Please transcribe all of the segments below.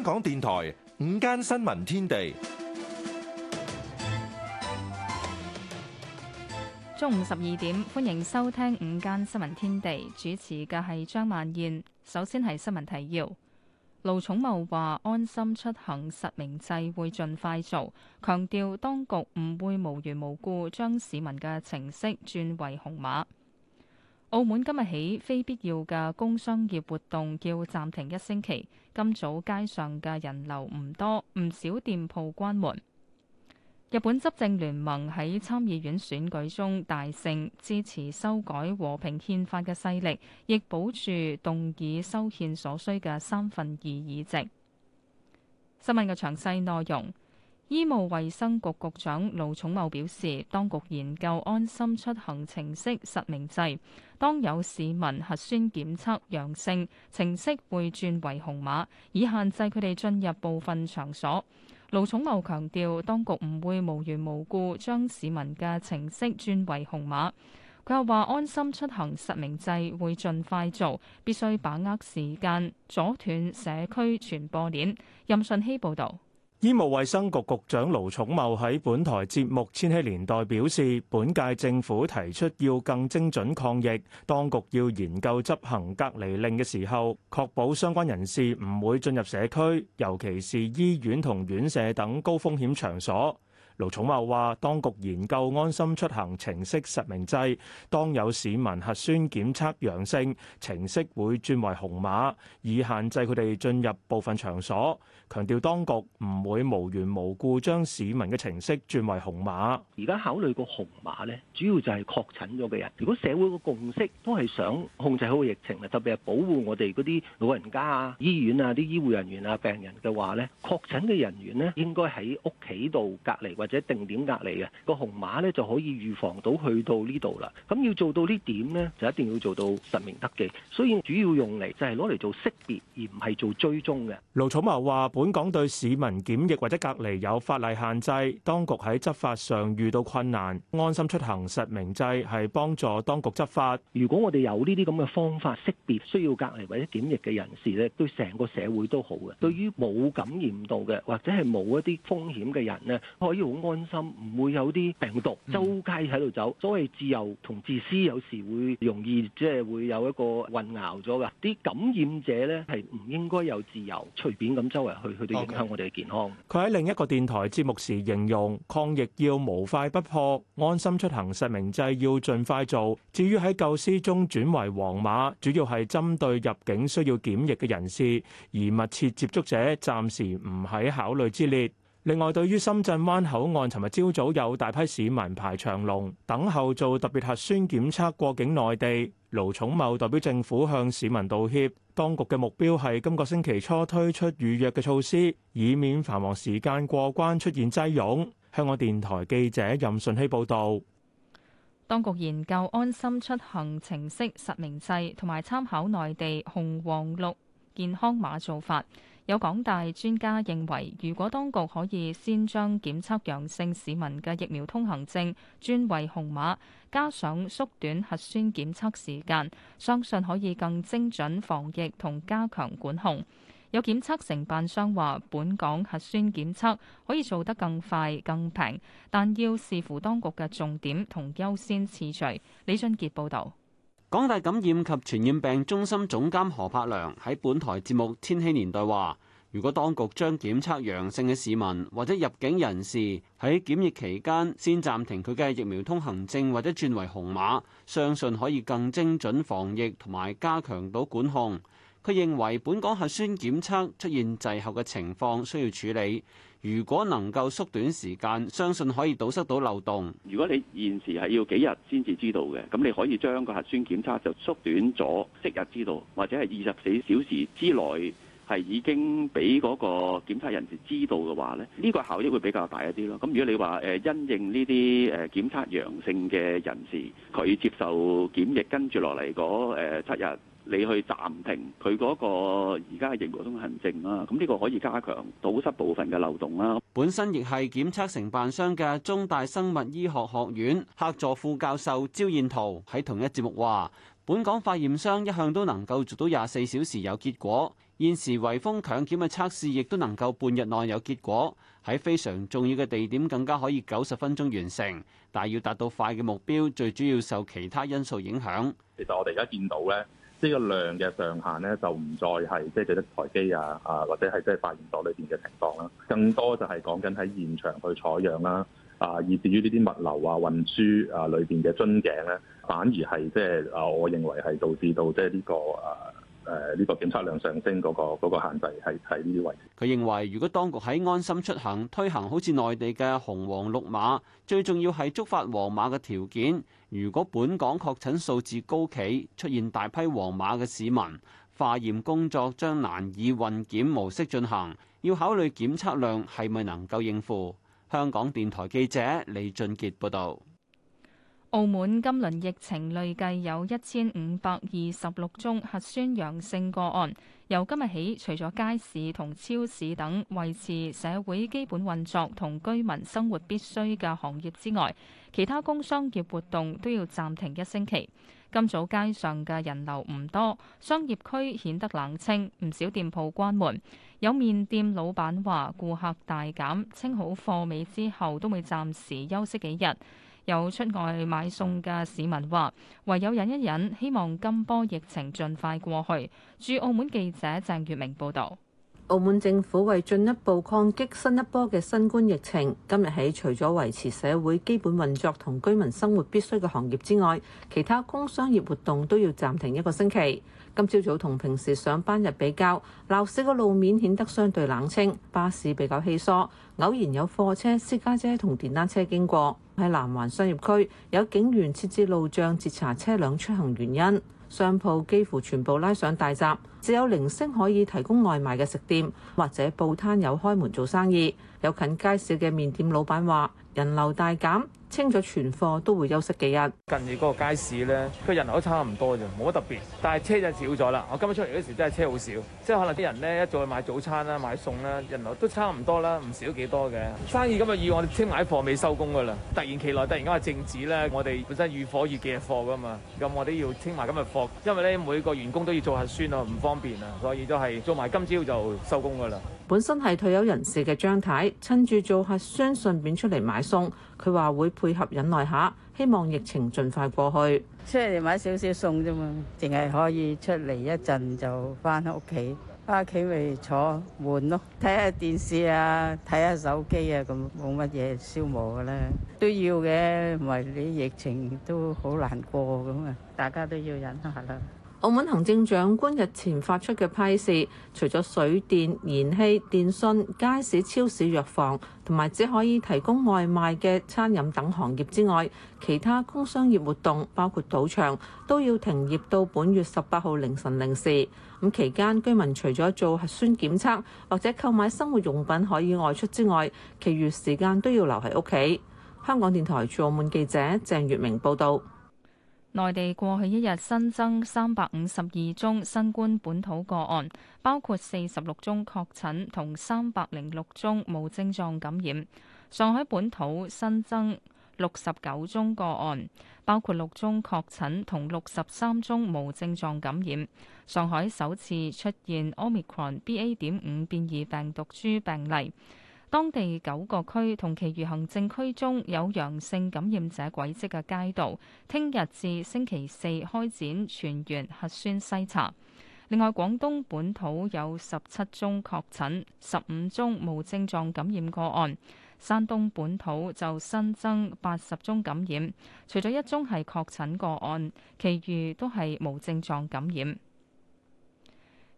香港電台午間新聞天地，中午十二點，歡迎收聽午間新聞天地。主持嘅係張曼燕。首先係新聞提要。盧寵茂話安心出行實名制會盡快做，強調當局唔會無緣無故將市民嘅程式轉為紅碼。澳門今日起非必要嘅工商業活動要暫停一星期。今早街上嘅人流唔多，唔少店鋪關門。日本執政聯盟喺參議院選舉中大勝，支持修改和平憲法嘅勢力亦保住動議修憲所需嘅三分二議席。新聞嘅詳細內容。醫務衛生局局長盧寵茂表示，當局研究安心出行程式實名制，當有市民核酸檢測陽性，程式會轉為紅碼，以限制佢哋進入部分場所。盧寵茂強調，當局唔會無緣無故將市民嘅程式轉為紅碼。佢又話，安心出行實名制會盡快做，必須把握時間，阻斷社區傳播鏈。任信希報導。醫務衛生局局長盧寵茂喺本台節目《千禧年代》表示，本屆政府提出要更精準抗疫，當局要研究執行隔離令嘅時候，確保相關人士唔會進入社區，尤其是醫院同院舍等高風險場所。盧寵茂話：當局研究安心出行程式實名制，當有市民核酸檢測陽性，程式會轉為紅碼，以限制佢哋進入部分場所。強調當局唔會無緣無故將市民嘅程式轉為紅碼。而家考慮個紅碼咧，主要就係確診咗嘅人。如果社會嘅共識都係想控制好個疫情啊，特別係保護我哋嗰啲老人家啊、醫院啊、啲醫護人員啊、病人嘅話咧，確診嘅人員咧應該喺屋企度隔離或。或者定點隔離嘅個紅碼咧，馬就可以預防到去到呢度啦。咁要做到呢點咧，就一定要做到實名登記。所以主要用嚟就係攞嚟做識別，而唔係做追蹤嘅。盧寵茂話：本港對市民檢疫或者隔離有法例限制，當局喺執法上遇到困難，安心出行實名制係幫助當局執法。如果我哋有呢啲咁嘅方法識別需要隔離或者檢疫嘅人士咧，對成個社會都好嘅。對於冇感染到嘅或者係冇一啲風險嘅人呢可以好，安心，唔會有啲病毒周街喺度走。所謂自由同自私，有時會容易即係會有一個混淆咗㗎。啲感染者咧係唔應該有自由，隨便咁周圍去，去到影響我哋嘅健康。佢喺另一個電台節目時形容，抗疫要無快不破，安心出行實名制要盡快做。至於喺舊司中轉為黃碼，主要係針對入境需要檢疫嘅人士，而密切接觸者暫時唔喺考慮之列。另外，對於深圳灣口岸，尋日朝早有大批市民排長龍等候做特別核酸檢測過境內地。盧寵茂代表政府向市民道歉。當局嘅目標係今個星期初推出預約嘅措施，以免繁忙時間過關出現擠擁。香港電台記者任順希報導。當局研究安心出行程式實名制，同埋參考內地紅黃綠健康碼做法。有港大專家認為，如果當局可以先將檢測陽性市民嘅疫苗通行證轉為紅碼，加上縮短核酸檢測時間，相信可以更精準防疫同加強管控。有檢測承辦商話，本港核酸檢測可以做得更快更平，但要視乎當局嘅重點同優先次序。李俊傑報導。港大感染及傳染病中心總監何柏良喺本台節目《千禧年代》話，如果當局將檢測陽性嘅市民或者入境人士喺檢疫期間先暫停佢嘅疫苗通行證或者轉為紅碼，相信可以更精準防疫同埋加強到管控。佢認為本港核酸檢測出現滯後嘅情況需要處理。如果能夠縮短時間，相信可以堵塞到漏洞。如果你現時係要幾日先至知道嘅，咁你可以將個核酸檢測就縮短咗，即日知道，或者係二十四小時之內係已經俾嗰個檢測人士知道嘅話咧，呢個效益會比較大一啲咯。咁如果你話誒因應呢啲誒檢測陽性嘅人士，佢接受檢疫跟住落嚟嗰七日。你去暫停佢嗰個而家嘅疫苗通行證啦，咁呢個可以加強堵塞部分嘅漏洞啦。本身亦係檢測承辦商嘅中大生物醫學學院客座副教授焦燕濤喺同一節目話，本港化驗商一向都能夠做到廿四小時有結果，現時圍封強檢嘅測試亦都能夠半日內有結果，喺非常重要嘅地點更加可以九十分鐘完成。但要達到快嘅目標，最主要受其他因素影響。其實我哋而家見到咧。呢個量嘅上限咧，就唔再係即係只一台機啊，啊或者係即係化驗所裏邊嘅情況啦，更多就係講緊喺現場去採樣啦，啊，而至於呢啲物流啊、運輸啊裏邊嘅樽頸咧，反而係即係啊，我認為係導致到即係呢個誒誒呢個檢測量上升嗰個限制係喺呢啲位置。佢認為，如果當局喺安心出行推行好似內地嘅紅黃綠碼，最重要係觸發黃碼嘅條件。如果本港確診數字高企，出現大批黃碼嘅市民，化驗工作將難以混檢模式進行，要考慮檢測量係咪能夠應付。香港電台記者李俊傑報道。澳門今輪疫情累計有一千五百二十六宗核酸陽性個案。由今日起，除咗街市同超市等維持社會基本運作同居民生活必需嘅行業之外，其他工商業活動都要暫停一星期。今早街上嘅人流唔多，商業區顯得冷清，唔少店鋪關門。有麵店老闆話，顧客大減，清好貨尾之後都會暫時休息幾日。有出外買餸嘅市民話，唯有忍一忍，希望今波疫情盡快過去。駐澳門記者鄭月明報導。澳門政府為進一步抗擊新一波嘅新冠疫情，今日起除咗維持社會基本運作同居民生活必須嘅行業之外，其他工商業活動都要暫停一個星期。今朝早同平時上班日比較，鬧市嘅路面顯得相對冷清，巴士比較稀疏，偶然有貨車、私家車同電單車經過。喺南環商業區，有警員設置路障截查車輛出行原因，商鋪幾乎全部拉上大閘，只有零星可以提供外賣嘅食店或者報攤有開門做生意。有近街市嘅麵店老闆話，人流大減。清咗存貨都會休息幾日。近住嗰個街市咧，佢人流都差唔多啫，冇乜特別。但係車就少咗啦。我今日出嚟嗰時真係車好少，即係可能啲人咧一早去買早餐啦、買餸啦，人流都差唔多啦，唔少幾多嘅生意今。今日以我哋清埋啲貨未收工噶啦，突然其來，突然間話靜止咧，我哋本身預火預幾日貨噶嘛，咁我哋要清埋今日貨，因為咧每個員工都要做核酸啊，唔方便啊，所以都係做埋今朝就收工噶啦。本身係退休人士嘅張太，趁住做核酸，順便出嚟買餸。佢話會配合忍耐下，希望疫情盡快過去。出嚟買少少餸啫嘛，淨係可以出嚟一陣就返屋企，返屋企咪坐門咯，睇下電視啊，睇下手機啊，咁冇乜嘢消磨噶啦。都要嘅，唔係你疫情都好難過咁啊，大家都要忍下啦。澳門行政長官日前發出嘅批示，除咗水電、燃氣、電信、街市、超市、藥房同埋只可以提供外賣嘅餐飲等行業之外，其他工商業活動包括賭場都要停業到本月十八號凌晨零時。咁期間，居民除咗做核酸檢測或者購買生活用品可以外出之外，其餘時間都要留喺屋企。香港電台駐澳門記者鄭月明報導。內地過去一日新增三百五十二宗新冠本土個案，包括四十六宗確診同三百零六宗無症狀感染。上海本土新增六十九宗個案，包括六宗確診同六十三宗無症狀感染。上海首次出現 Omicron BA. 點五變異病毒株病例。當地九個區同其餘行政區中有陽性感染者軌跡嘅街道，聽日至星期四開展全員核酸篩查。另外，廣東本土有十七宗確診，十五宗無症狀感染個案。山東本土就新增八十宗感染，除咗一宗係確診個案，其餘都係無症狀感染。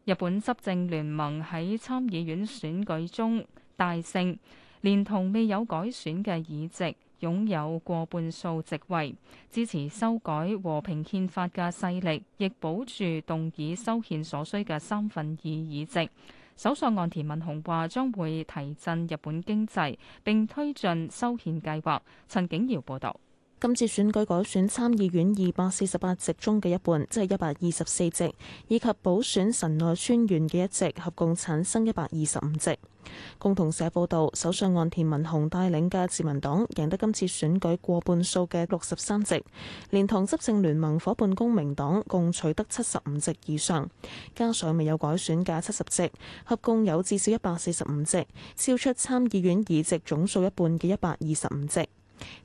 日本執政聯盟喺參議院選舉中大勝，連同未有改選嘅議席，擁有過半數席位，支持修改和平憲法嘅勢力亦保住動議修憲所需嘅三分二議席。首相岸田文雄話將會提振日本經濟並推進修憲計劃。陳景瑤報道：「今次選舉改選參議院二百四十八席中嘅一半，即係一百二十四席，以及補選神奈川縣嘅一席，合共產生一百二十五席。共同社報道，首相岸田文雄帶領嘅自民黨贏得今次選舉過半數嘅六十三席，連同執政聯盟夥伴公明黨共取得七十五席以上，加上未有改選嘅七十席，合共有至少一百四十五席，超出參議院議席總數一半嘅一百二十五席。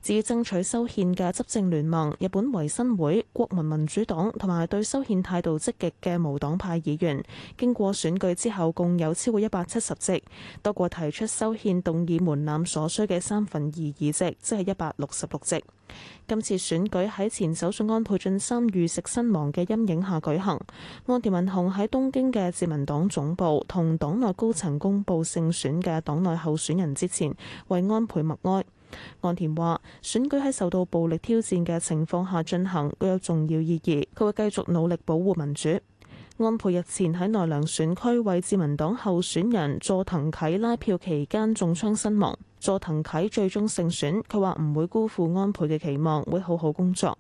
至於爭取修憲嘅執政聯盟、日本維新會、國民民主黨同埋對修憲態度積極嘅無黨派議員，經過選舉之後，共有超過一百七十席，多過提出修憲動議門檻所需嘅三分二議席，即係一百六十六席。今次選舉喺前首相安倍晉三遇刺身亡嘅陰影下舉行，岸田文雄喺東京嘅自民黨總部同黨內高層公布勝選嘅黨內候選人之前，為安倍默哀。岸田話：選舉喺受到暴力挑戰嘅情況下進行，具有重要意義。佢會繼續努力保護民主。安倍日前喺奈良選區為自民黨候選人佐藤啟拉票期間中槍身亡。佐藤啟最終勝選，佢話唔會辜負安倍嘅期望，會好好工作。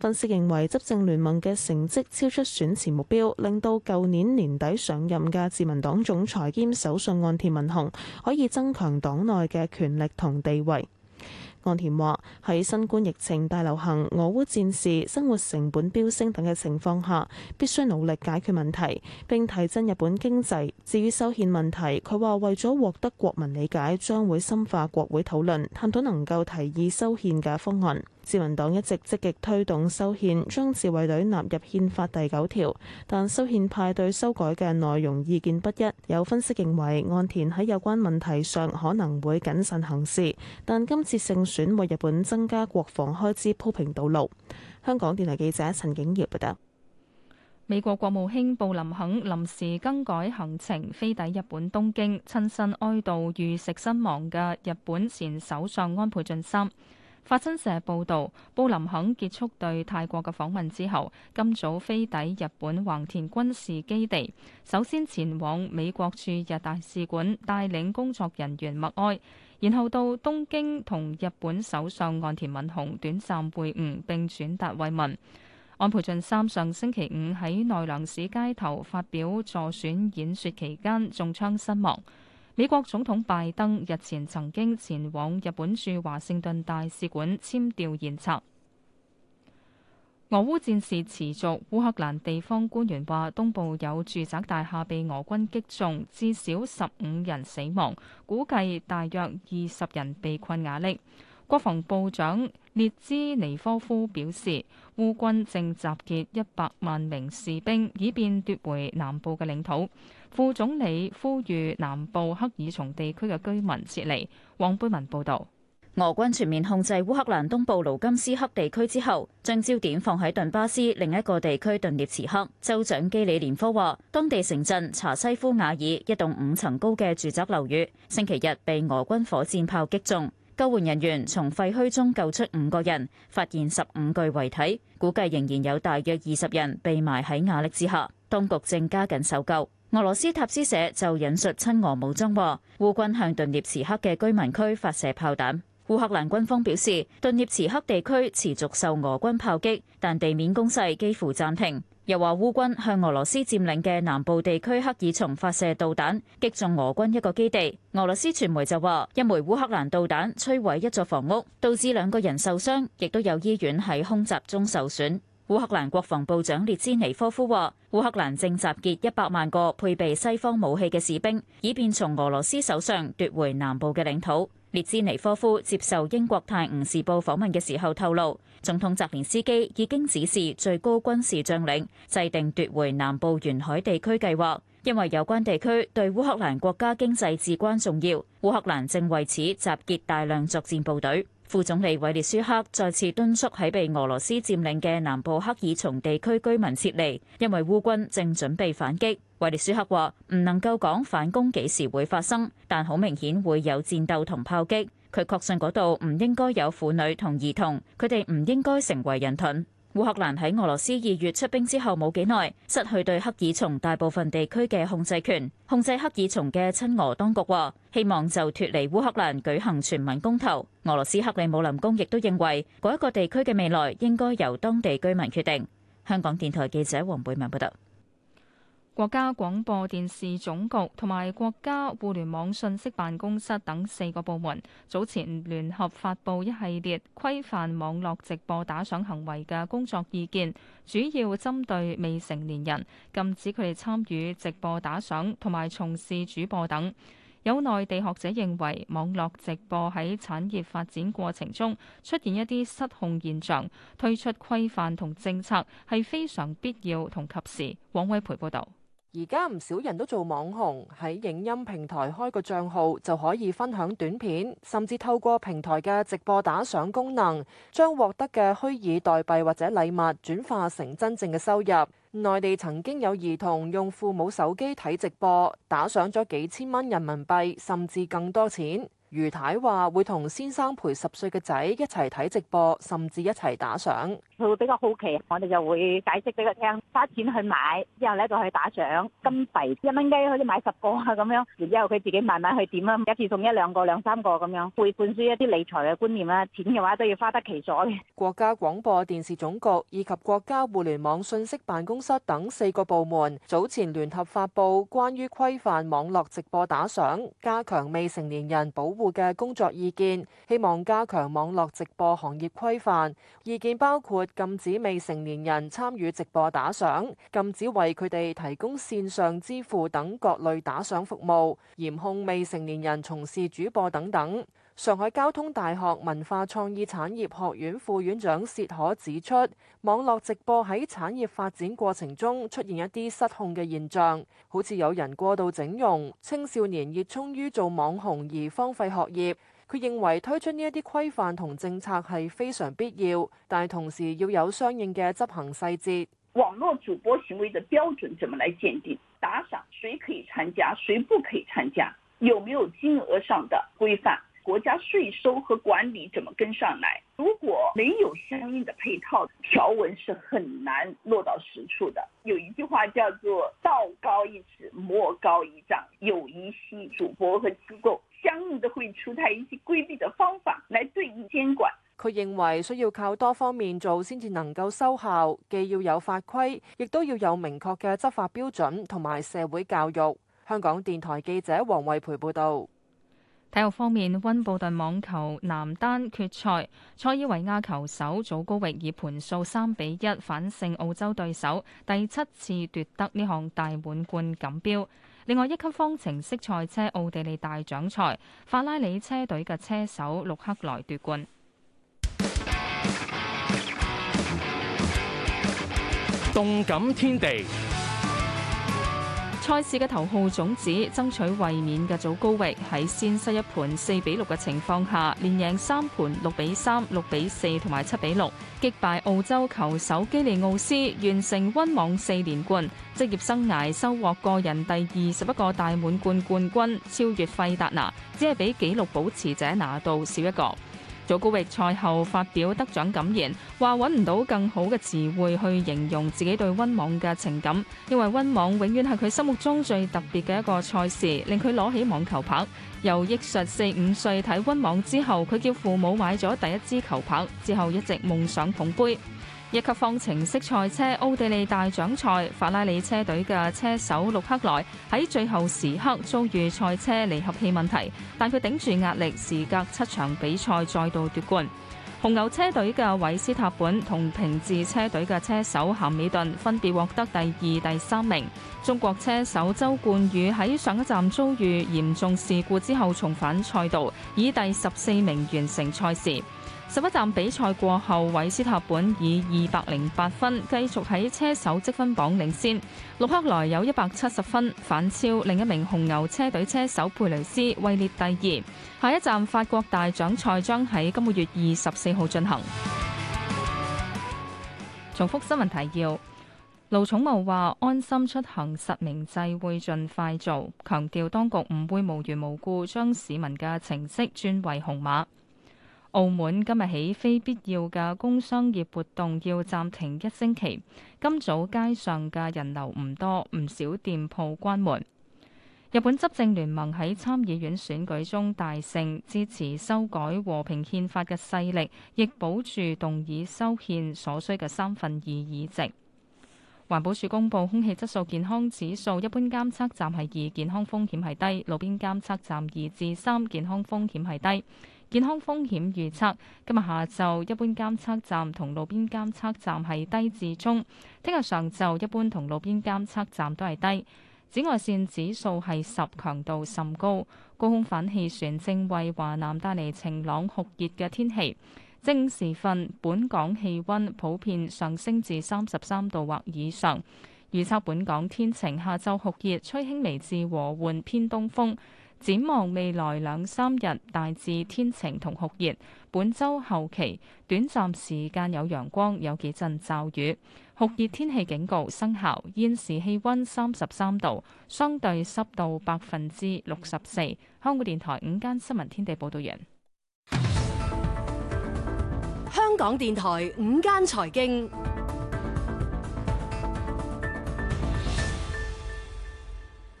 分析認為，執政聯盟嘅成績超出選前目標，令到舊年年底上任嘅自民黨總裁兼首相岸田文雄可以增強黨內嘅權力同地位。岸田話：喺新冠疫情大流行、俄烏戰事、生活成本飆升等嘅情況下，必須努力解決問題，並提振日本經濟。至於修憲問題，佢話為咗獲得國民理解，將會深化國會討論，探討能夠提議修憲嘅方案。自民黨一直積極推動修憲，將自衛隊納入憲法第九條，但修憲派對修改嘅內容意見不一。有分析認為，岸田喺有關問題上可能會謹慎行事，但今次勝選為日本增加國防開支鋪平道路。香港電台記者陳景業報道。美國國務卿布林肯臨時更改行程，飛抵日本東京，親身哀悼遇食身亡嘅日本前首相安倍晉三。法新社報導，布林肯結束對泰國嘅訪問之後，今早飛抵日本橫田軍事基地，首先前往美國駐日大使館，帶領工作人員默哀，然後到東京同日本首相岸田文雄短暫會晤並轉達慰問。安倍晉三上星期五喺奈良市街頭發表助選演說期間中槍身亡。美國總統拜登日前曾經前往日本駐華盛頓大使館簽弔唁冊。俄烏戰事持續，烏克蘭地方官員話，東部有住宅大廈被俄軍擊中，至少十五人死亡，估計大約二十人被困瓦礫。國防部長列茲尼科夫表示。烏軍正集結一百萬名士兵，以便奪回南部嘅領土。副總理呼籲南部克爾松地區嘅居民撤離。黃貝文報導：俄軍全面控制烏克蘭東部盧甘斯克地區之後，將焦點放喺頓巴斯另一個地區頓涅茨克。州長基里連科話，當地城鎮查西夫瓦爾一棟五層高嘅住宅樓宇，星期日被俄軍火箭炮擊中。救援人員從廢墟中救出五個人，發現十五具遺體，估計仍然有大約二十人被埋喺瓦礫之下。當局正加緊搜救。俄羅斯塔斯社就引述親俄武裝話，烏軍向頓涅茨克嘅居民區發射炮彈。烏克蘭軍方表示，頓涅茨克地區持續受俄軍炮擊，但地面攻勢幾乎暫停。又話烏軍向俄羅斯佔領嘅南部地區赫爾松發射導彈，擊中俄軍一個基地。俄羅斯傳媒就話一枚烏克蘭導彈摧毀一座房屋，導致兩個人受傷，亦都有醫院喺空襲中受損。烏克蘭國防部長列茲尼科夫話，烏克蘭正集結一百萬個配備西方武器嘅士兵，以便從俄羅斯手上奪回南部嘅領土。列茲尼科夫接受英國《泰晤士報》訪問嘅時候透露，總統澤連斯基已經指示最高軍事將領制定奪回南部沿海地區計劃，因為有關地區對烏克蘭國家經濟至關重要。烏克蘭正為此集結大量作戰部隊。副總理韋列舒克再次敦促喺被俄羅斯佔領嘅南部克爾松地區居民撤離，因為烏軍正準備反擊。維列舒克話：唔能夠講反攻幾時會發生，但好明顯會有戰鬥同炮擊。佢確信嗰度唔應該有婦女同兒童，佢哋唔應該成為人盾。烏克蘭喺俄羅斯二月出兵之後冇幾耐，失去對赫爾松大部分地區嘅控制權。控制赫爾松嘅親俄當局話，希望就脫離烏克蘭舉行全民公投。俄羅斯克里姆林宮亦都認為，嗰一個地區嘅未來應該由當地居民決定。香港電台記者黃貝文報道。國家廣播電視總局同埋國家互聯網信息辦公室等四個部門早前聯合發布一系列規範網絡直播打賞行為嘅工作意見，主要針對未成年人，禁止佢哋參與直播打賞同埋從事主播等。有內地學者認為，網絡直播喺產業發展過程中出現一啲失控現象，推出規範同政策係非常必要同及時。黃偉培報導。而家唔少人都做網紅，喺影音平台開個賬號就可以分享短片，甚至透過平台嘅直播打賞功能，將獲得嘅虛擬代幣或者禮物轉化成真正嘅收入。內地曾經有兒童用父母手機睇直播，打賞咗幾千蚊人民幣，甚至更多錢。余太話會同先生陪十歲嘅仔一齊睇直播，甚至一齊打賞。佢會比較好奇，我哋就會解釋俾佢聽，花錢去買之後咧，就去打賞金幣，一蚊雞好似買十個啊咁樣。然之後佢自己慢慢去點啊，一次送一兩個、兩三個咁樣，會灌輸一啲理財嘅觀念啦。錢嘅話都要花得其所嘅。國家廣播電視總局以及國家互聯網信息辦公室等四個部門早前聯合發布《關於規範網絡直播打賞、加強未成年人保護嘅工作意見》，希望加強網絡直播行業規範。意見包括，禁止未成年人參與直播打賞，禁止為佢哋提供線上支付等各類打賞服務，嚴控未成年人從事主播等等。上海交通大學文化創意產業學院副院長薛可指出，網絡直播喺產業發展過程中出現一啲失控嘅現象，好似有人過度整容，青少年熱衷於做網紅而荒廢學業。佢認為推出呢一啲規範同政策係非常必要，但係同時要有相應嘅執行細節。網絡主播行為嘅標準怎麼來鑑定？打賞誰可以參加，誰不可以參加？有沒有金額上的規範？國家稅收和管理怎麼跟上來？如果沒有相應的配套條文，是很難落到實處的。有一句話叫做“道高一尺，魔高一丈”，有一些主播和機構相應的會出台一些規避的方法來對應監管。佢認為需要靠多方面做先至能夠收效，既要有法規，亦都要有明確嘅執法標準同埋社會教育。香港電台記者黃惠培報道。體育方面，溫布頓網球男單決賽，塞爾維亞球手祖高域以盤數三比一反勝澳洲對手，第七次奪得呢項大滿貫錦標。另外，一級方程式賽車奧地利大獎賽，法拉利車隊嘅車手盧克萊奪冠。動感天地。賽事嘅頭號種子爭取衛冕嘅祖高域喺先失一盤四比六嘅情況下，連贏三盤六比三、六比四同埋七比六，擊敗澳洲球手基利奧斯，完成溫網四連冠，職業生涯收穫個人第二十一個大滿貫冠軍，超越費達拿，只係比紀錄保持者拿到少一個。在高域賽後發表得獎感言，話揾唔到更好嘅詞彙去形容自己對溫網嘅情感，因為溫網永遠係佢心目中最特別嘅一個賽事，令佢攞起網球拍。由憶述四五歲睇溫網之後，佢叫父母買咗第一支球拍，之後一直夢想捧杯。一級方程式賽車奧地利大獎賽，法拉利車隊嘅車手盧克萊喺最後時刻遭遇賽車離合器問題，但佢頂住壓力，時隔七場比賽再度奪冠。紅牛車隊嘅韋斯塔本同平治車隊嘅車手咸美頓分別獲得第二、第三名。中國車手周冠宇喺上一站遭遇嚴重事故之後重返賽道，以第十四名完成賽事。十一站比賽過後，韋斯塔本以二百零八分繼續喺車手積分榜領先，洛克萊有一百七十分反超另一名紅牛車隊車手佩雷斯，位列第二。下一站法國大獎賽將喺今個月二十四號進行。重複新聞提要：盧寵茂話，安心出行實名制會盡快做，強調當局唔會無緣無故將市民嘅程式轉為紅碼。澳門今日起非必要嘅工商業活動要暫停一星期。今早街上嘅人流唔多，唔少店鋪關門。日本執政聯盟喺參議院選舉中大勝，支持修改和平憲法嘅勢力亦保住動議修憲所需嘅三分二議席。環保署公布空氣質素健康指數，一般監測站係二，健康風險係低；路邊監測站二至三，健康風險係低。健康風險預測：今日下晝一般監測站同路邊監測站係低至中。聽日上晝一般同路邊監測站都係低。紫外線指數係十，強度甚高。高空反氣旋正為華南帶嚟晴朗酷熱嘅天氣。正時分，本港氣温普遍上升至三十三度或以上。預測本港天晴，下晝酷熱，吹輕微至和緩偏東風。展望未來兩三日，大致天晴同酷熱。本周後期短暫時間有陽光，有幾陣驟雨。酷熱天氣警告生效。現時氣温三十三度，相對濕度百分之六十四。香港電台午間新聞天地報道完。香港電台午間財經。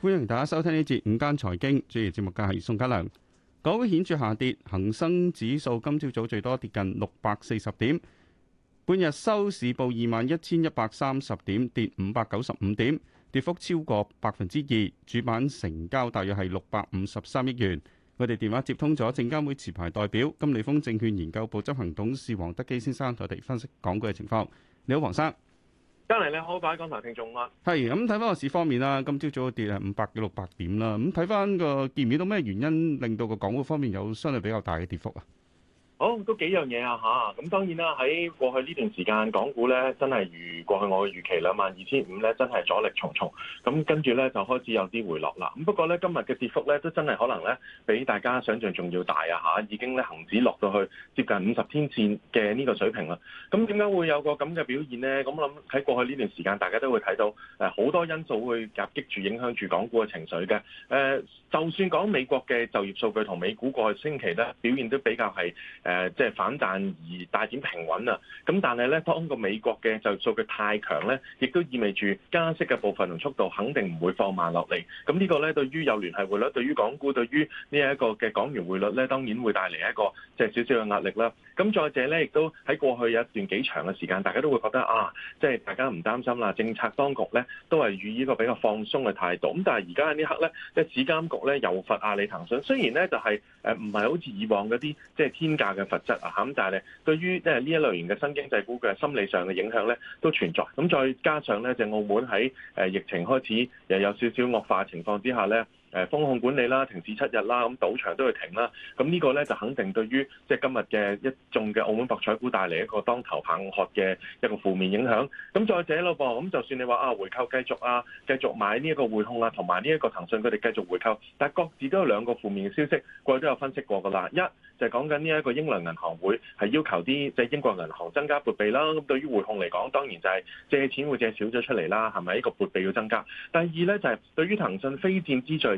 歡迎大家收聽呢節午間財經，主持節目嘅係宋家良。港股顯著下跌，恒生指數今朝早最多跌近六百四十點，半日收市報二萬一千一百三十點，跌五百九十五點，跌幅超過百分之二。主板成交大約係六百五十三億元。我哋電話接通咗證監會持牌代表金利豐證券研究部執行董事黃德基先生，同我哋分析港股嘅情況。你好，黃生。家嚟咧，你好各位聽眾啦。係咁睇翻個市場方面啦，今朝早嘅跌係五百幾六百點啦。咁睇翻個見唔見到咩原因令到個港股方面有相對比較大嘅跌幅啊？好、哦，都幾樣嘢啊嚇！咁、啊嗯、當然啦，喺過去呢段時間港股咧，真係如過去我嘅預期兩萬二千五咧，真係阻力重重。咁跟住咧就開始有啲回落啦。咁、嗯、不過咧今日嘅跌幅咧都真係可能咧比大家想像仲要大啊嚇！已經咧恒指落到去接近五十天線嘅呢個水平啦。咁點解會有個咁嘅表現咧？咁、嗯、我諗喺過去呢段時間，大家都會睇到誒好、呃、多因素會夾擊住影響住港股嘅情緒嘅。誒、呃，就算講美國嘅就業數據同美股過去星期咧表現都比較係。誒，即係反彈而大展平穩啦。咁但係咧，當個美國嘅就業數據太強咧，亦都意味住加息嘅部分同速度肯定唔會放慢落嚟。咁呢個咧，對於有聯繫匯率、對於港股、對於呢一個嘅港元匯率咧，當然會帶嚟一個即係少少嘅壓力啦。咁再者咧，亦都喺過去有一段幾長嘅時間，大家都會覺得啊，即係大家唔擔心啦，政策當局咧都係予以一個比較放鬆嘅態度。咁但係而家喺呢刻咧，即係市監局咧又罰阿里騰訊，雖然咧就係誒唔係好似以往嗰啲即係天價嘅罰則啊，咁但係咧對於即係呢一類型嘅新經濟股嘅心理上嘅影響咧都存在。咁再加上咧，就澳門喺誒疫情開始又有少少惡化情況之下咧。誒風控管理啦，停止七日啦，咁賭場都要停啦。咁呢個咧就肯定對於即係今日嘅一眾嘅澳門博彩股帶嚟一個當頭棒喝嘅一個負面影響。咁再者咯噃，咁就算你話啊回購繼續啊，繼續買呢一個匯控啊，同埋呢一個騰訊佢哋繼續回購，但係各自都有兩個負面嘅消息，過去都有分析過㗎啦。一就係講緊呢一個英倫銀行會係要求啲即係英國銀行增加撥備啦。咁對於匯控嚟講，當然就係借錢會借少咗出嚟啦，係咪？呢、呢個撥備要增加。第二咧就係、係、對於騰訊非戰之罪。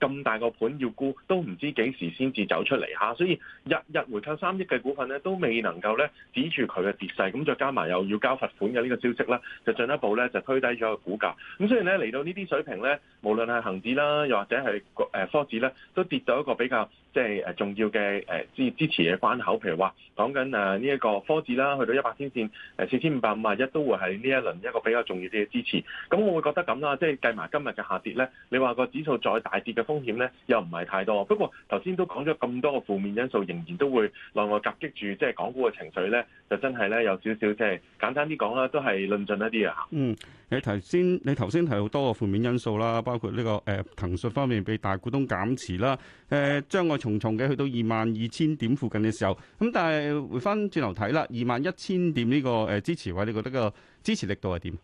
咁大個盤要沽都唔知幾時先至走出嚟嚇，所以日日回購三億嘅股份咧都未能夠咧止住佢嘅跌勢，咁再加埋又要交罰款嘅呢個消息啦，就進一步咧就推低咗個股價。咁雖然咧嚟到呢啲水平咧，無論係恒指啦，又或者係誒科指咧，都跌到一個比較即係誒重要嘅誒支支持嘅關口。譬如話講緊誒呢一個科指啦，去到一百天線誒四千五百五十一都會係呢一輪一個比較重要啲嘅支持。咁我會覺得咁啦，即係計埋今日嘅下跌咧，你話個指數再大跌嘅。風險咧又唔係太多，不過頭先都講咗咁多個負面因素，仍然都會內外夾擊住，即係港股嘅情緒咧，就真係咧有少少即係簡單啲講啦，都係論盡一啲啊。嗯，你頭先你頭先提好多個負面因素啦，包括呢、這個誒、呃、騰訊方面俾大股東減持啦，誒障礙重重嘅去到二萬二千點附近嘅時候，咁但係回翻轉頭睇啦，二萬一千點呢個誒支持位，你覺得個支持力度係點？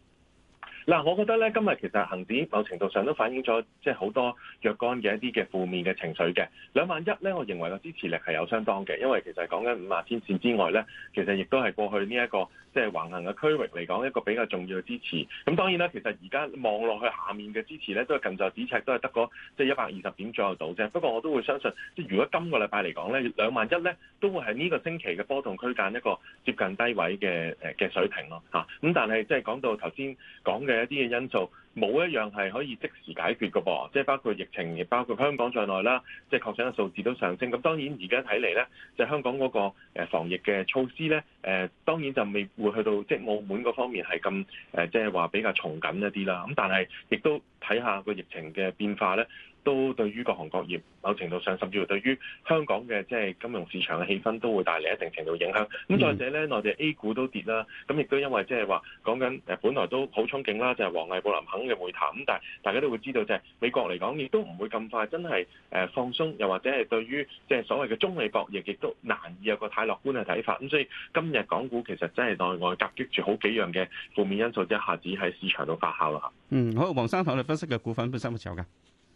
嗱，我覺得咧，今日其實恆指某程度上都反映咗，即係好多若干嘅一啲嘅負面嘅情緒嘅。兩萬一咧，我認為個支持力係有相當嘅，因為其實講緊五萬天線之外咧，其實亦都係過去呢一個即係橫行嘅區域嚟講一個比較重要嘅支持。咁當然啦，其實而家望落去下面嘅支持咧，都係近在咫尺，都係得個即係一百二十點左右度啫。不過我都會相信，即係如果今個禮拜嚟講咧，兩萬一咧，都會喺呢個星期嘅波動區間一個接近低位嘅誒嘅水平咯，嚇。咁但係即係講到頭先講嘅。一啲嘅因素冇一樣係可以即時解決嘅噃，即係包括疫情，亦包括香港在內啦。即係確診嘅數字都上升。咁當然而家睇嚟咧，就係香港嗰個防疫嘅措施咧，誒當然就未會去到即係澳門嗰方面係咁誒，即係話比較從緊一啲啦。咁但係亦都睇下個疫情嘅變化咧。都對於各行各業某程度上，甚至乎對於香港嘅即係金融市場嘅氣氛都會帶嚟一定程度影響。咁再者咧，內地 A 股都跌啦，咁亦都因為即係話講緊誒，本來都好憧憬啦，就係王毅布林肯嘅會談。咁但係大家都會知道，就係美國嚟講，亦都唔會咁快真係誒放鬆，又或者係對於即係所謂嘅中美博弈，亦都難以有個太樂觀嘅睇法。咁所以今日港股其實真係內外夾擊住好幾樣嘅負面因素，一下子喺市場度發酵啦。嗯，好，黃生，睇你分析嘅股份本身有冇嘅？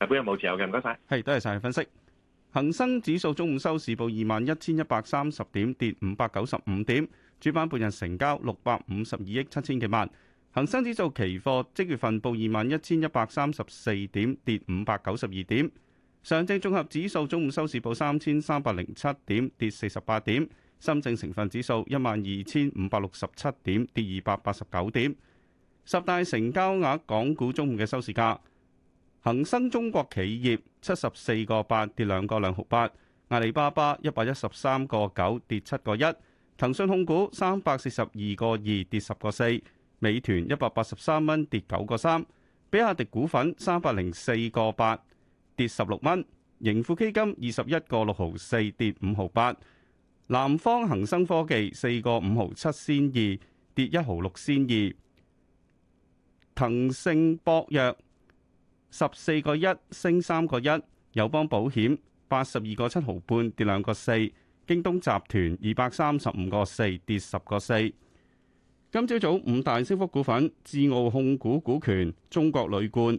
日本有冇持有嘅？唔該晒，係、hey，多謝晒分析。恒生指數中午收市報二萬一千一百三十點，跌五百九十五點。主板半日成交六百五十二億七千幾萬。恒生指數期貨即月份報二萬一千一百三十四點，跌五百九十二點。上證綜合指數中午收市報三千三百零七點，跌四十八點。深證成分指數一萬二千五百六十七點，跌二百八十九點。十大成交額港股中午嘅收市價。恒生中國企業七十四個八跌兩個兩毫八，阿里巴巴一百一十三個九跌七個一，騰訊控股三百四十二個二跌十個四，美團一百八十三蚊跌九個三，比亞迪股份三百零四個八跌十六蚊，盈富基金二十一個六毫四跌五毫八，南方恒生科技四個五毫七仙二跌一毫六仙二，騰盛博藥。十四個一升三個一，友邦保險八十二個七毫半跌兩個四，京東集團二百三十五個四跌十個四。今朝早，早五大升幅股份：智奧控股、股權中國鋁罐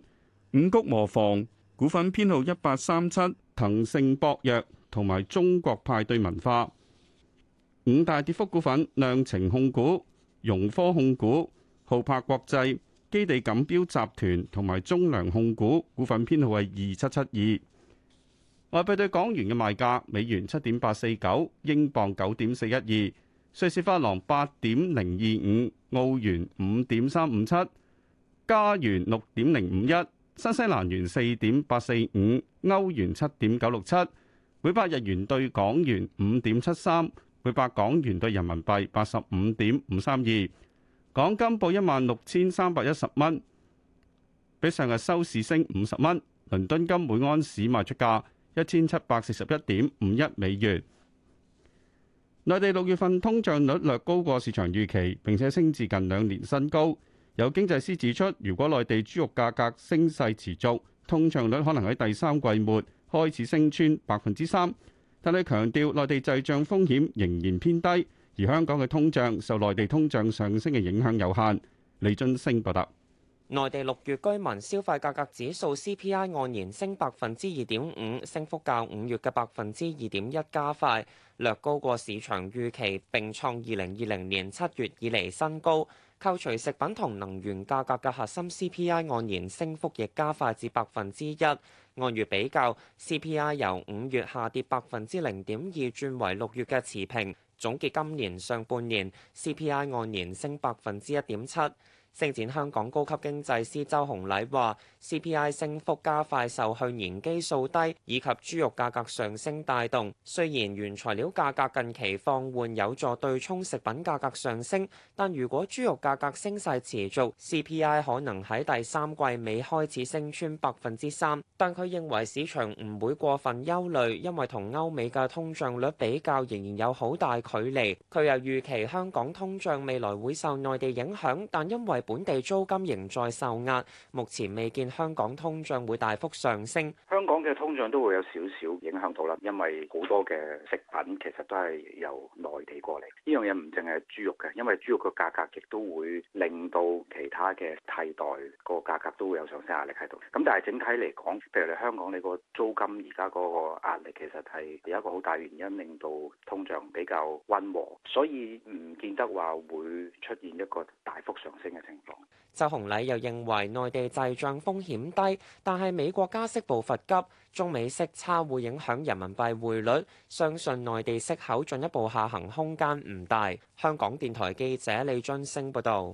五谷磨房股份編號一八三七、騰盛博藥同埋中國派對文化。五大跌幅股份：亮晴控股、融科控股、浩柏國際。基地錦標集團同埋中糧控股股份編號係二七七二。外幣對港元嘅賣價：美元七點八四九，英鎊九點四一二，瑞士法郎八點零二五，澳元五點三五七，加元六點零五一，新西蘭元四點八四五，歐元七點九六七，每百日元對港元五點七三，每百港元對人民幣八十五點五三二。港金報一萬六千三百一十蚊，比上日收市升五十蚊。倫敦金每安士賣出價一千七百四十一點五一美元。內地六月份通脹率略高過市場預期，並且升至近兩年新高。有經濟師指出，如果內地豬肉價格升勢持續，通脹率可能喺第三季末開始升穿百分之三。但係強調內地滯脹風險仍然偏低。而香港嘅通脹受內地通脹上升嘅影響有限。李津升報道，內地六月居民消費價格指數 CPI 按年升百分之二點五，升幅較五月嘅百分之二點一加快，略高過市場預期，並創二零二零年七月以嚟新高。扣除食品同能源價格嘅核心 CPI 按年升幅亦加快至百分之一，按月比較 CPI 由五月下跌百分之零點二轉為六月嘅持平。總結今年上半年 CPI 按年升百分之一點七。星展香港高級經濟師周鴻禮話，CPI 升幅加快，受去年基數低以及豬肉價格上升帶動。雖然原材料價格近期放緩有助對沖食品價格上升，但如果豬肉價格升勢持續，CPI 可能喺第三季尾開始升穿百分之三。但佢認為市場唔會過分憂慮，因為同歐美嘅通脹率比較仍然有好大距離。佢又預期香港通脹未來會受內地影響，但因為本地租金仍在受壓，目前未見香港通脹會大幅上升。香港嘅通脹都會有少少影響到啦，因為好多嘅食品其實都係由內地過嚟。呢樣嘢唔淨係豬肉嘅，因為豬肉嘅價格亦都會令到其他嘅替代個價格都會有上升壓力喺度。咁但係整體嚟講，譬如你香港你個租金而家嗰個壓力其實係有一個好大原因令到通脹比較溫和，所以唔見得話會出現一個大幅上升嘅。周洪禮又認為內地滯脹風險低，但係美國加息步伐急，中美息差會影響人民幣匯率，相信內地息口進一步下行空間唔大。香港電台記者李津升報道：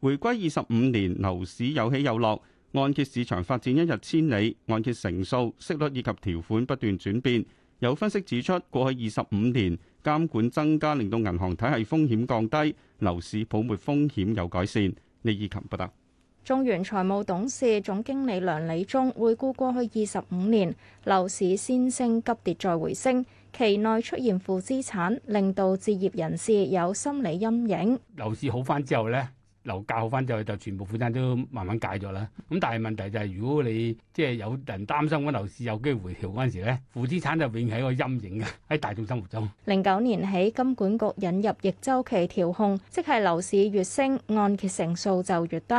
回歸二十五年，樓市有起有落，按揭市場發展一日千里，按揭成數、息率以及條款不斷轉變。有分析指出，過去二十五年監管增加，令到銀行體系風險降低，樓市泡沫風險有改善。李意勤報道，中原財務董事總經理梁理忠回顧過去二十五年樓市先升急跌再回升，期內出現負資產，令到置業人士有心理陰影。樓市好翻之後呢？樓價好翻之後全部負債都慢慢解咗啦。咁但係問題就係，如果你即係有人擔心嗰樓市有機會回調嗰陣時咧，負資產就永係個陰影嘅喺大眾生活中。零九年起，金管局引入逆周期調控，即係樓市越升，按揭成數就越低，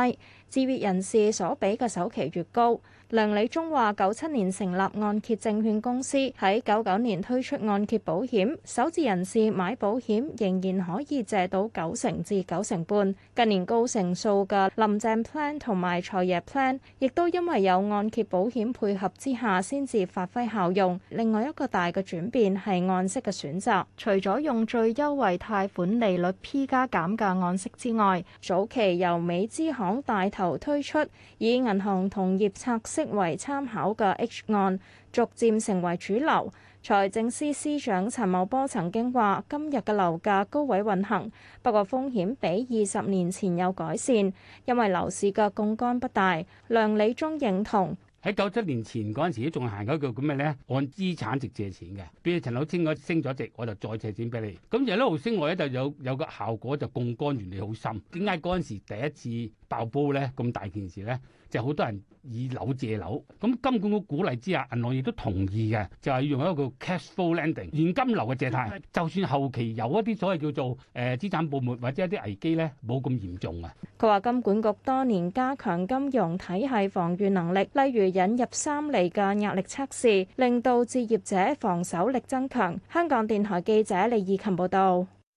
置業人士所俾嘅首期越高。梁理忠話：九七年成立按揭證券公司，喺九九年推出按揭保險，首次人士買保險仍然可以借到九成至九成半。近年高成數嘅林鄭 plan 同埋財爺 plan，亦都因為有按揭保險配合之下，先至發揮效用。另外一個大嘅轉變係按息嘅選擇，除咗用最優惠貸款利率 P 加減嘅按息之外，早期由美資行帶頭推出，以銀行同業策。即為參考嘅 H 案，逐漸成為主流。財政司司長陳茂波曾經話：今日嘅樓價高位運行，不過風險比二十年前有改善，因為樓市嘅槓杆不大。梁理忠認同：喺九七年前嗰陣時，仲係行緊叫叫咩咧？按資產值借錢嘅，比如陳老清嗰升咗值，我就再借錢俾你。咁而一路升我咧，就有有個效果就槓杆原理好深。點解嗰陣時第一次爆煲咧？咁大件事咧，就好多人。以樓借樓，咁金管局鼓勵之下，銀行亦都同意嘅，就係、是、用一個叫 cash flow lending 現金流嘅借貸，就算後期有一啲所謂叫做誒資產泡沫或者一啲危機咧，冇咁嚴重啊。佢話金管局多年加強金融體系防禦能力，例如引入三厘嘅壓力測試，令到置業者防守力增強。香港電台記者李怡琴報道。